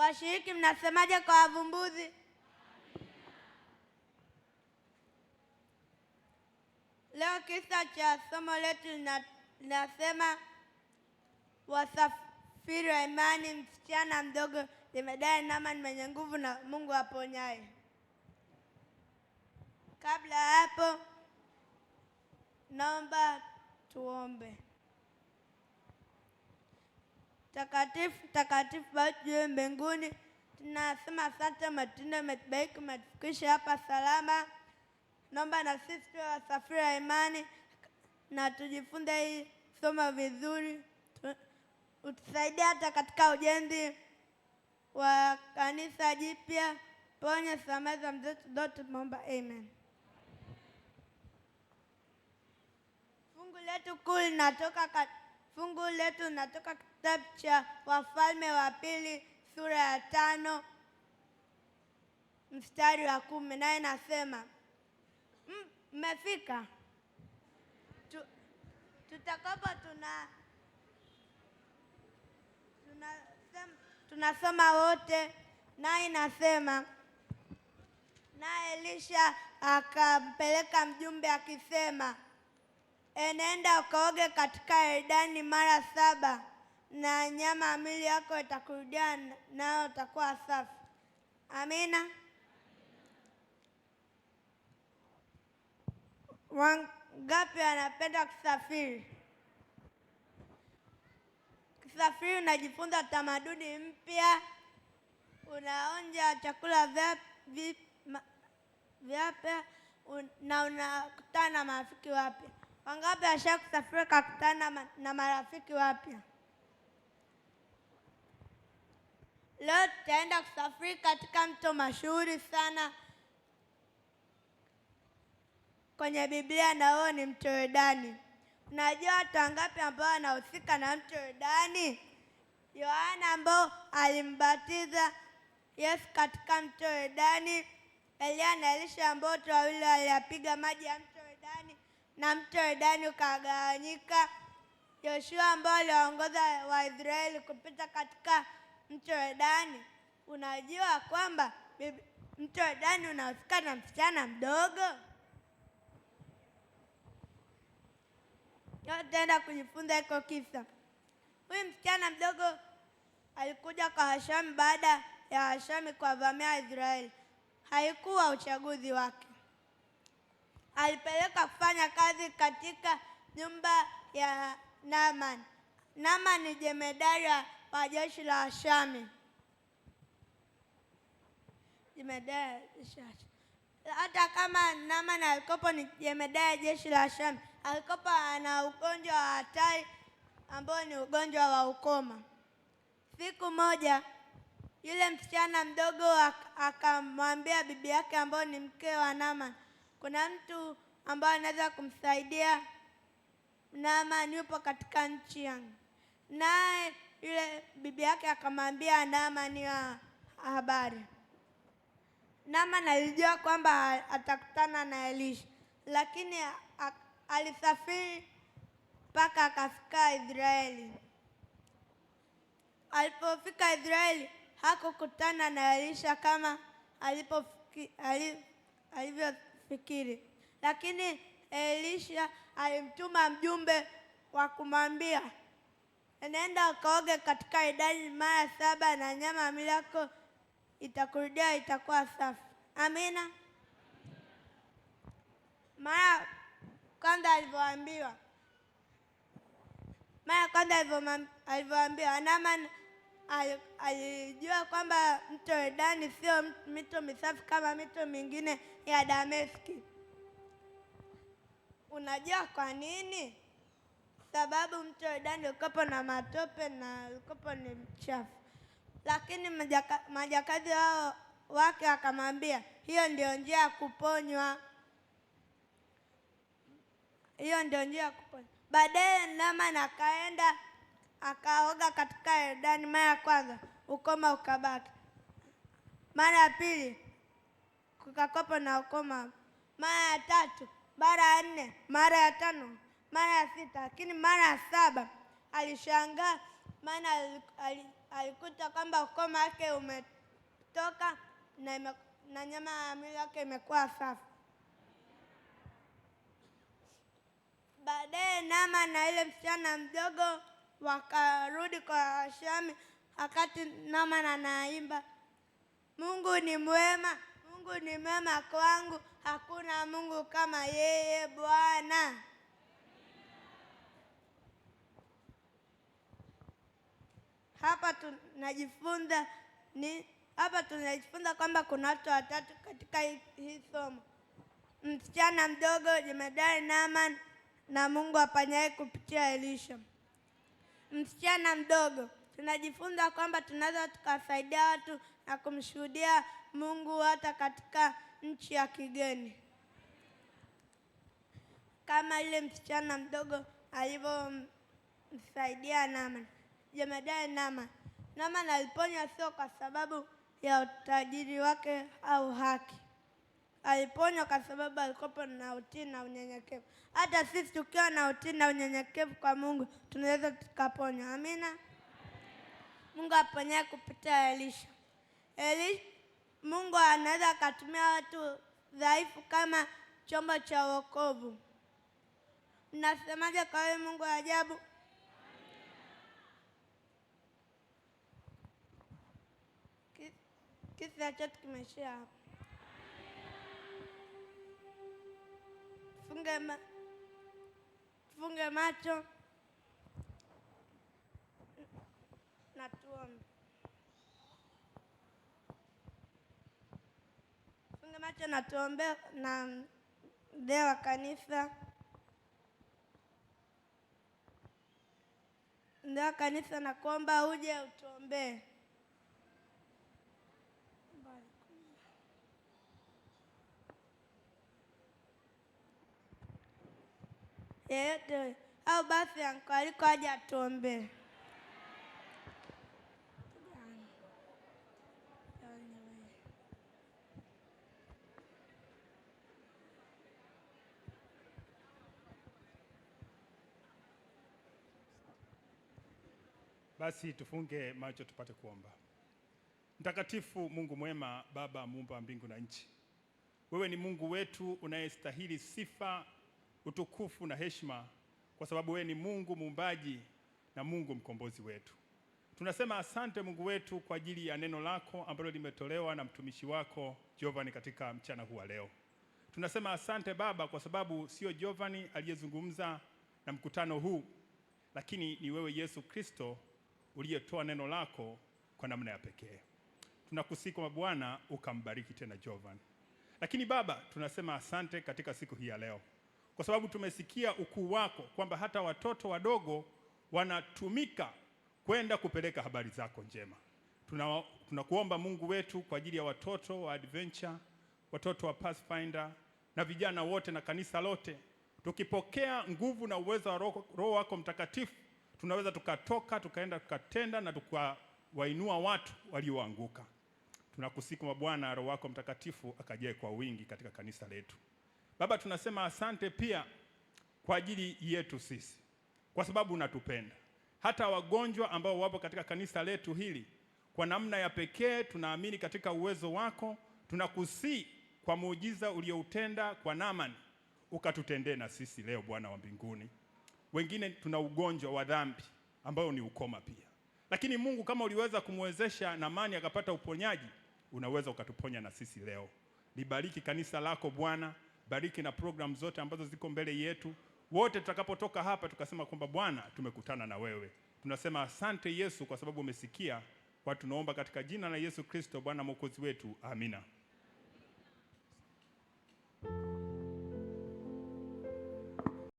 Washiriki mnasemaje kwa wavumbuzi? Leo kisa cha somo letu linasema wasafiri wa imani, msichana mdogo limedai Naamani mwenye nguvu na Mungu aponyaye. Kabla ya hapo, naomba tuombe. Takatifu, takatifu basi mbinguni. Tunasema asante matunda metubaiki umetufikisha hapa salama. Naomba na sisi tuwe wasafiri wa imani na tujifunze hii somo vizuri, utusaidia hata katika ujenzi wa kanisa jipya. Ponye, samaza mzetu zote, tumeomba amen. Fungu letu kuu linatoka Fungu letu linatoka kitabu cha Wafalme wa Pili sura ya tano mstari wa kumi naye nasema mmefika tu, tutakapo tuna tunasoma tunasoma wote, naye nasema naye Elisha akampeleka mjumbe akisema Enenda ukaoge katika Yordani mara saba, na nyama mili yako itakurudia, nayo utakuwa safi. Amina. Wangapi wanapenda kusafiri? Kusafiri unajifunza tamaduni mpya, unaonja chakula vyapya na unakutana na marafiki wapya. Wangapi washa kusafiri kakutana na marafiki wapya? Leo tutaenda kusafiri katika mto mashuhuri sana kwenye Biblia na huo ni mto Yordani. Unajua watu wangapi ambao wanahusika na mto Yordani? Yohana ambao alimbatiza Yesu katika mto Yordani, Elia na Elisha ambao watu wawili waliyapiga maji ya mto na mto Yordani ukagawanyika. Yoshua ambaye aliwaongoza Waisraeli kupita katika mto Yordani, unajua kwamba mto Yordani unafika na msichana mdogo. Tutaenda kujifunza iko kisa huyu msichana mdogo alikuja kwa Hashami baada ya Hashami kuwavamia Israeli. Haikuwa uchaguzi wake alipeleka kufanya kazi katika nyumba ya Naamani. Naamani ni jemedari wa jeshi la Ashami. Jemedari hata kama Naamani alikopo ni jemedari jeshi la Ashami, alikopo ana ugonjwa wa hatari ambao ni ugonjwa wa ukoma. Siku moja yule msichana mdogo akamwambia bibi yake ambayo ni mke wa Naamani kuna mtu ambaye anaweza kumsaidia Naama yupo katika nchi yangu, naye yule bibi yake akamwambia Naamani wa habari. Naamani alijua kwamba atakutana na Elisha, lakini alisafiri mpaka akafika Israeli. Alipofika Israeli hakukutana na Elisha kama alivyo kufikiri. Lakini Elisha alimtuma mjumbe wa kumwambia, nenda ukaoge katika idadi mara saba na nyama milako itakurudia, itakuwa safi. Amina. Mara kwanza alivyoambiwa, mara kwanza alivyoambiwa Naamani alijua kwamba mto Yordani sio mito misafi kama mito mingine ya Dameski. Unajua kwa nini? Sababu mto Yordani ulikopo na matope na ulikopo ni mchafu, lakini majaka, majakazi wao wake wakamwambia, hiyo ndio njia ya kuponywa, hiyo ndio njia ya kuponywa. Baadaye Naamani akaenda akaoga katika Yordani mara ya kwanza, ukoma ukabaki. Mara ya pili kukakopa na ukoma, mara ya tatu, mara ya nne, mara ya tano, mara ya sita, lakini mara ya saba alishangaa, maana alikuta kwamba ukoma wake umetoka na, ime, na nyama ya mwili wake imekuwa safi. Baadaye nama na ile msichana mdogo wakarudi kwa Shami wakati Naamani anaimba, Mungu ni mwema, Mungu ni mwema kwangu, hakuna Mungu kama yeye Bwana. Hapa tunajifunza ni hapa tunajifunza kwamba kuna watu watatu katika hii somo: msichana mdogo, jemadari Naamani na Mungu afanyaye kupitia Elisha msichana mdogo, tunajifunza kwamba tunaweza tukawasaidia watu na kumshuhudia Mungu hata katika nchi ya kigeni, kama ile msichana mdogo alivyomsaidia nama jemadari nama nama naliponywa sio kwa sababu ya utajiri wake au haki aliponywa kwa sababu alikopo na utii na unyenyekevu. Hata sisi tukiwa na utii na unyenyekevu kwa Mungu tunaweza tukaponywa. Amina. Mungu aponye kupitia Elisha. Elisha, Mungu anaweza akatumia watu dhaifu kama chombo cha wokovu. Mnasemaje kwa wewe Mungu wa ajabu? Kisa chote kimeshia hapo. Funge, ma funge macho na tuombe. Funge macho na tuombe, na mzee wa kanisa, mzee wa kanisa, nakuomba uje utuombee. yeyote au basi anko aliko aje Basi tufunge macho tupate kuomba. Mtakatifu Mungu mwema, Baba muumba wa mbingu na nchi, wewe ni Mungu wetu unayestahili sifa utukufu na heshima kwa sababu wewe ni Mungu muumbaji na Mungu mkombozi wetu. Tunasema asante Mungu wetu kwa ajili ya neno lako ambalo limetolewa na mtumishi wako Jovani katika mchana huu wa leo. Tunasema asante Baba kwa sababu sio Jovani aliyezungumza na mkutano huu, lakini ni wewe Yesu Kristo uliyetoa neno lako kwa namna ya pekee. Tunakusikia Bwana, ukambariki tena Jovani. Lakini Baba, tunasema asante katika siku hii ya leo kwa sababu tumesikia ukuu wako kwamba hata watoto wadogo wanatumika kwenda kupeleka habari zako njema. Tuna, tunakuomba Mungu wetu kwa ajili ya watoto wa Adventure, watoto wa Pathfinder na vijana wote na kanisa lote, tukipokea nguvu na uwezo wa Roho wako Mtakatifu, tunaweza tukatoka tukaenda tukatenda na tukawainua watu walioanguka. Tunakusikia Bwana, Roho wako Mtakatifu akajae kwa wingi katika kanisa letu. Baba, tunasema asante pia kwa ajili yetu sisi, kwa sababu unatupenda. Hata wagonjwa ambao wapo katika kanisa letu hili, kwa namna ya pekee tunaamini katika uwezo wako. Tunakusii kwa muujiza ulioutenda kwa Naamani, ukatutendee na sisi leo, Bwana wa mbinguni. Wengine tuna ugonjwa wa dhambi ambao ni ukoma pia, lakini Mungu, kama uliweza kumwezesha Naamani akapata uponyaji, unaweza ukatuponya na sisi leo. Libariki kanisa lako Bwana bariki na programu zote ambazo ziko mbele yetu. Wote tutakapotoka hapa tukasema kwamba Bwana, tumekutana na wewe. Tunasema asante Yesu kwa sababu umesikia kwa tunaomba katika jina la Yesu Kristo Bwana mwokozi wetu, amina.